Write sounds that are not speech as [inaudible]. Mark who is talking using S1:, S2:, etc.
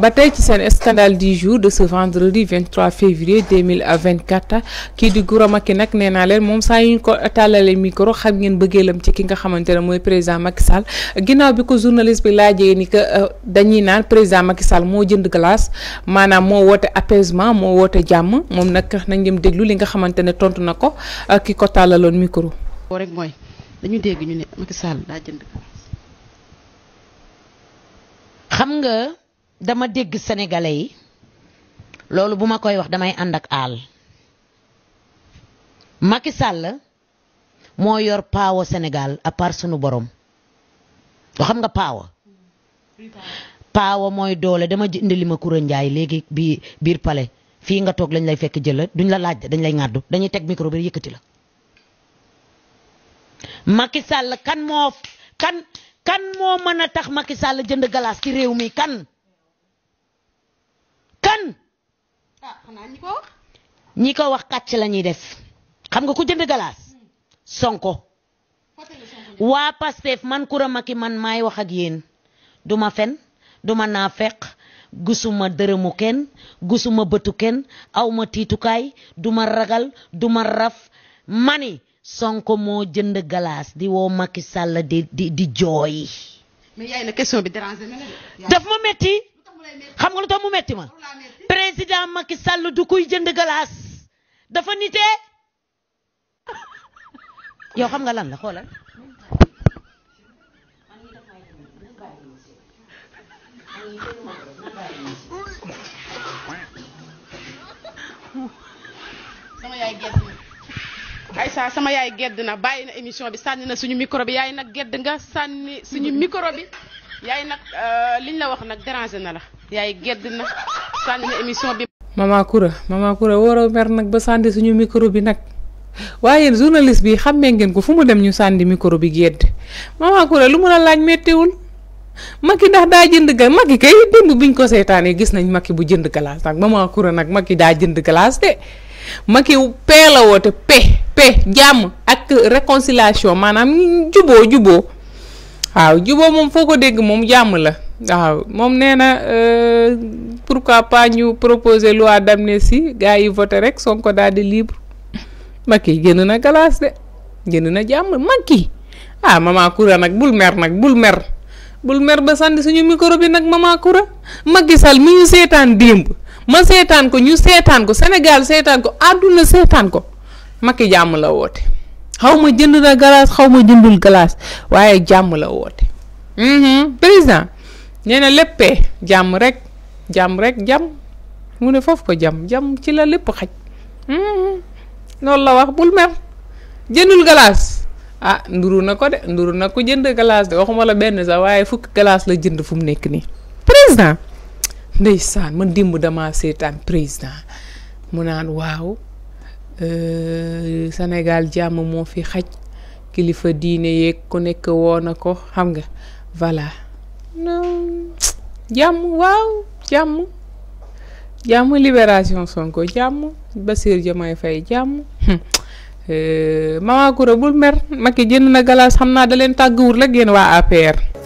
S1: ba tey ci seen scandale di jour de ce vendredi 23 février 2024 kii di Gora Macky nag nee naa leen moom saa yu ko tàllalee micro xam ngeen bëggee bëggeelam ci ki nga xamante ne mooy président Macky Sall ginnaaw bi ko journaliste bi laa laajee ni que euh, dañuy naan président Macky Sall moo jënd glace maanaam moo woote apaisement moo woote jàmm moom nag nañ dem déglu li nga xamante ne tontu na ko euh, ki ko tàllaloon micro. mooy. dañu dégg ñu ne Macky Sall daa jënd
S2: xam nga dama dégg sénégalais yi loolu bu ma koy wax damay ànd ak àll Macky Sall moo yor paawa Sénégal à part sunu borom xam nga paawa paawa mooy doole dama indi li ma Koura njaay léegi bii biir pale fii nga toog lañ lay fekk jël jëla duñ la laaj dañ lay ŋàddu dañuy teg micro bi yëkkati la Macky kan moo kan kan moo mën a tax Macky Sall jënd galaas ci réew mi kan kan ah, ñi ko wax ñi kàcc la ñuy def xam nga ko jënd galaas hmm. Sonko waa Pastef man Coura Macky man may wax ak yéen duma fen duma naafeq gusuma dërëmu kenn gusuma bëtu kenn awma tiitukaay duma ragal duma raf mani Sonko moo jënd galaas di woo Macky Sall di di di jooy. daf ma metti xam nga lu tax mu metti ma. président Macky Sall du kuy jënd galaas dafa nitee [laughs] yow xam nga lan la xoolal. Aïssa sama yaay gedd na bàyyi na émission bi sànni na suñu micro bi yaay nag nga sànni suñu bi yaay nag euh, liñ la wax nag dérangé na la yaay gedd na sànni na émission bi.
S1: mama Koura mama Koura waroo mer nag ba sànni suñu micro bi nag waaye journaliste bi xàmmee ngeen ko fu mu dem ñu sànni micro bi gedd mama Koura lu mu la laaj méttiwul. Macky ndax daa jënd ga Macky kay démb biñ ko seetaanee gis nañ Macky bu jënd glace nag mama Koura nag Macky daa jënd glace de Macky paix jàmm ak réconciliation maanaam juboo juboo waaw juboo moom foo ko dégg moom jàmm la waaw moom nee na euh, pourquoi pas ñu proposer loi d'amnistie gars yi voté rek Sonko daal di libre Macky jënd na galaas de jënd na jàmm Macky ah maman Koura nag bul mer nag bul mer bul mer ba sànni suñu micro bi nag maman Koura Macky Sall ñu seetaan démb ma seetaan ko ñu seetaan ko Sénégal seetaan ko àdduna seetaan ko. Macky jàmm la woote xaw ma jënd na galaas xaw ma jëndul galaas waaye jàmm la woote mhm. président nee na léppee jàmm rek jàmm rek jàmm mu ne foofu ko jàmm jàmm ci la lépp xaj mhm. loolu la wax bul mer jëndul galaas ah nduru na ko de nduru na ko jënd galaas de waxuma la benn sax waaye fukk galaas la jënd fu mu nekk nii président ndeysaan man dimb dama seetaan président mu naan waaw Euh, senegal jàmm moo fi xaj kilifa diine yeeg ku nekk woo na ko xam nga voilà jàmm waaw jàmm jàmm libération Sonko jàmm Bassir Diomaye Faye jàmm euh, Mama Koura bul mer Macky jënd na galaas xam naa da leen tàgguwul rek yéen waa APR